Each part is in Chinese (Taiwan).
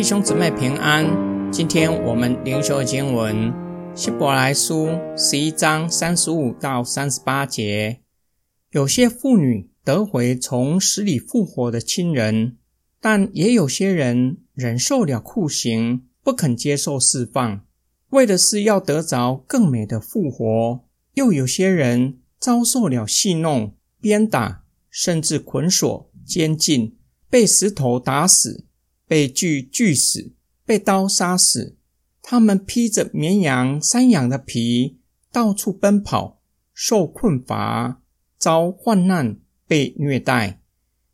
弟兄姊妹平安，今天我們靈修的經文《希伯來書》十一章三十五到三十八節。有些婦女得回從死裡復活的親人，但也有些人忍受了酷刑，不肯接受釋放，為的是要得着更美的復活；又有些人遭受了戲弄、鞭打，甚至捆鎖、監禁，被石頭打死。被鋸、鋸死，被刀殺死。他們披着綿羊、山羊的皮，到處奔跑，受困乏，遭患難，被虐待，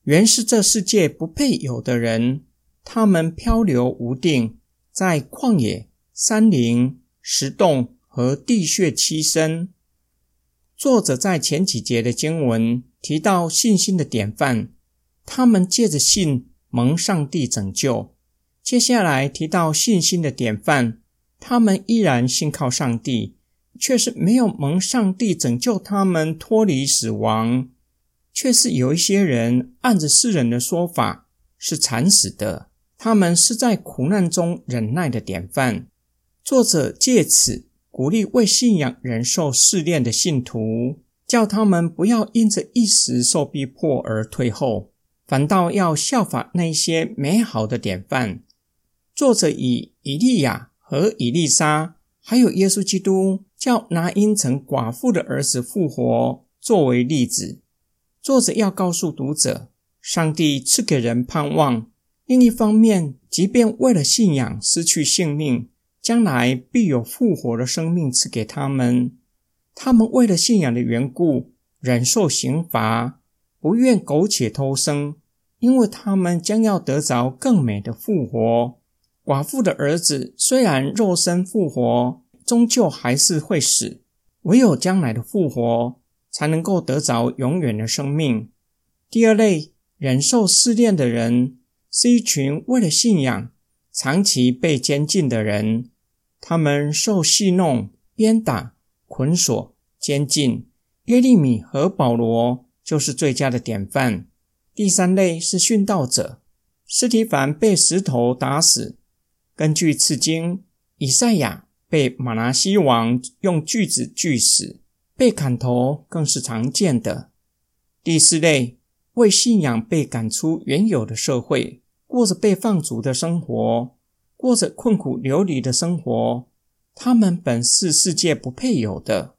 原是這世界不配有的人。他們漂流無定，在曠野、山林、石洞和地穴棲身。作者在前幾節的經文提到信心的典範，他們借着信。蒙上帝拯救，接下來提到信心的典範，他們依然信靠上帝，卻是沒有蒙上帝拯救他們脫離死亡，卻是有一些人按着世人的說法是慘死的，他們是在苦難中忍耐的典範。作者借此鼓勵為信仰忍受試煉的信徒，叫他們不要因着一時受逼迫而退後。反倒要效法那些美好的典範。作者以以利亞和以利沙，還有耶穌基督叫拿因城寡婦的兒子復活，作為例子。作者要告訴讀者，上帝賜給人盼望。另一方面，即便為了信仰失去性命，將來必有復活的生命賜給他們。他們為了信仰的緣故，忍受刑罰。不願苟且偷生，因為他們將要得着更美的復活。寡婦的兒子雖然肉身復活，終究還是會死；唯有將來的復活，才能夠得着永遠的生命。第二類忍受試煉的人，是一群為了信仰長期被監禁的人，他們受戲弄、鞭打、捆鎖、監禁。耶利米和保羅。就是最佳的典範。第三類是殉道者，司提反被石頭打死。根據次經，以賽亞被瑪拿西王用鋸子鋸死，被砍頭更是常見的。第四類為信仰被趕出原有的社會，過着被放逐的生活，過着困苦流離的生活。他們本是世界不配有的。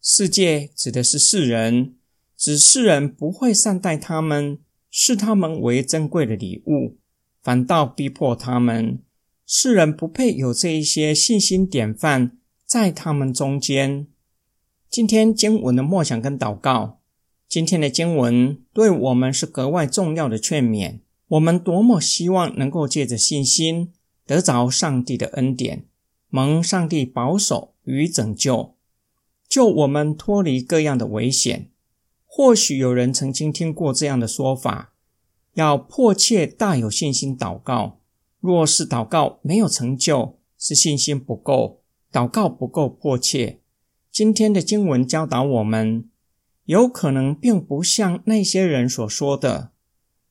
世界指的是世人。指世人不會善待他們，視他們為珍貴的禮物，反倒逼迫他們。世人不配有這一些信心典範在他們中間。今天經文的默想跟禱告，今天的經文對我們是格外重要的勸勉。我們多麼希望能夠借着信心得着上帝的恩典，蒙上帝保守與拯救，救我們脫離各樣的危險。或許有人曾經聽過這樣的說法，要迫切、大有信心禱告。若是禱告沒有成就，是信心不夠，禱告不夠迫切。今天的經文教導我們，有可能並不像那些人所說的，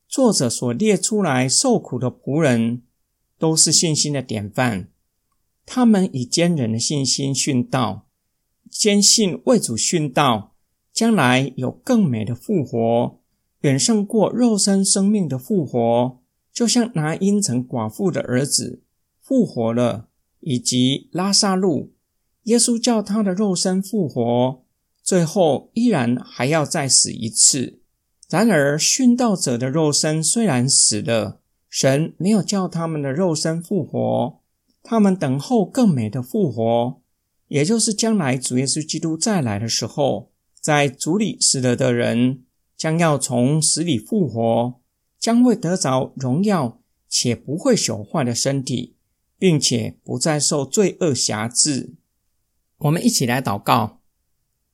作者所列出來受苦的僕人，都是信心的典範。他們以堅忍的信心殉道，堅信為主殉道。將來有更美的復活，遠勝過肉身生命的復活。就像拿因城寡婦的兒子復活了，以及拉撒路，耶穌叫他的肉身復活，最後依然還要再死一次。然而殉道者的肉身雖然死了，神沒有叫他們的肉身復活，他們等候更美的復活，也就是將來主耶穌基督再來的時候。在主裡死了的人，將要從死裡復活，將會得着榮耀且不會朽壞的身體，並且不再受罪惡挾制。我們一起來禱告：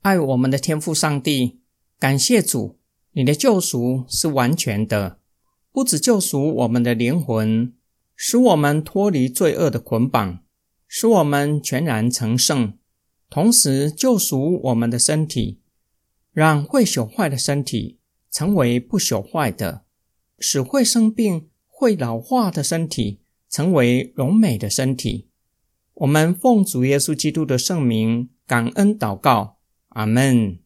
愛我們的天父上帝，感謝主，你的救贖是完全的，不止救贖我們的靈魂，使我們脫離罪惡的捆綁，使我們全然成聖，同時救贖我們的身體。讓會朽壞的身體成為不朽壞的，使會生病、會老化的身體成為榮美的身體。我們奉主耶穌基督的聖名，感恩禱告，阿門。